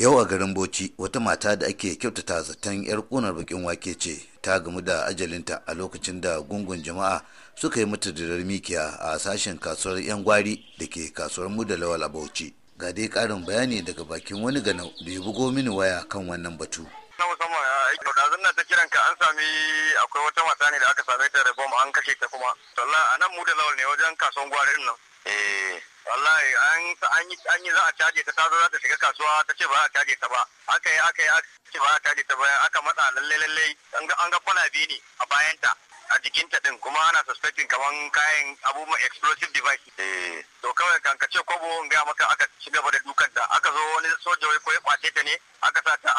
yau a garin bauchi wata mata da ake kyautata zaton yar kunar bakin wake ce ta gamu da ajalinta a lokacin da gungun jama'a suka yi mata dirar mikiya a sashen kasuwar yan gwari da ke kasuwar mu da lawal a bauchi ga dai karin bayani daga bakin wani gano da ya bugo mini waya kan wannan batu na musamman eh, eh, ta kiran ka an sami akwai wata mata ne da aka same ta da bom an kashe ta kuma sallah a nan mu da lawal ne wajen kasuwar gwari nan wallahi an yi za a caje ta tazo za ta shiga kasuwa ta ce ba a caje ta ba aka yi aka yi aka ce ba a caje ta ba aka matsa lalle lalle an ga kwalabe ne a bayanta a jikinta din kuma ana suspecting kaman kayan abubuwan explosive device eh. to kawai kan ka ce kobo in gaya maka aka ci gaba da dukanta aka zo wani soja wai ko ya kwace ta ne aka sa ta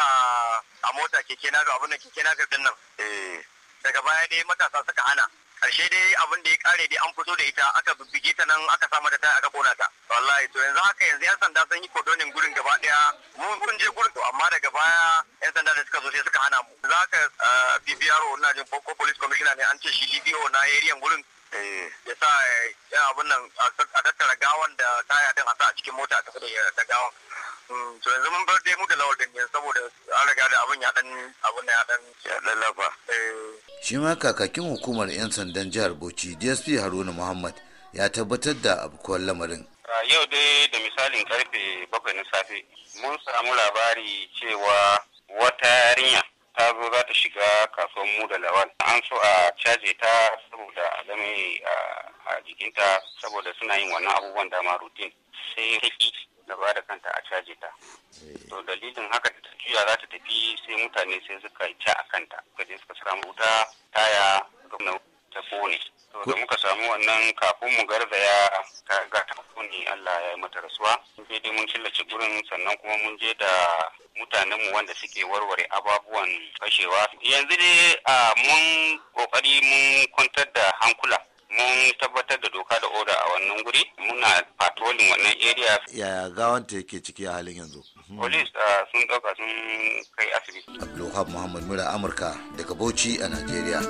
a mota keke na ga abin da keke na din nan eh. daga baya dai matasa suka hana Ashe dai abin da ya kare dai an fito da ita aka bibbige ta nan aka samu da ta aka kona ta wallahi to yanzu haka yanzu yan sanda sun yi kodonin gurin gaba daya mun kun je gurin to amma daga baya yan sanda da suka zo sai suka hana mu za ka ah, BBR na jin ko police commissioner ne an ce shi DPO na area gurin eh. ya sa eh, abin nan a tattara gawan da kaya din a sa a cikin mota ta da gawan hmm, to yanzu mun bar dai mu da lawal din saboda an riga da abin ya dan abin ya dan ya dan lafa shi ma kakakin hukumar 'yan sandan jihar bauchi dsp haruna muhammad ya tabbatar da abokuwar lamarin yau dai da misalin karfe bakwai na safe mun samu labari cewa wata yarinya ta zo za ta shiga kasuwar mu da lawal an so a caje ta saboda a game a jikinta saboda suna yin wannan abubuwan dama rutin sai ta da ba da kanta a caje ta to dalilin haka da ta tafiya za ta tafi sai mutane sai suka yi ta a kanta suka je suka samu wuta taya gwamna ta kone to da muka samu wannan kafin mu garzaya ga ta kone Allah ya yi mata rasuwa mun je dai mun killace gurin sannan kuma mun je da mutanen mu wanda suke warware ababuwan fashewa yanzu dai ah, mun kokari mun kwantar da hankula mun tabbatar da doka da oda a wannan guri muna patrolling wannan area yaya gawan ta yake ciki a halin yanzu hmm. police uh, sun dauka sun kai asibiti abdulhab muhammad mura amurka daga bauchi a nigeria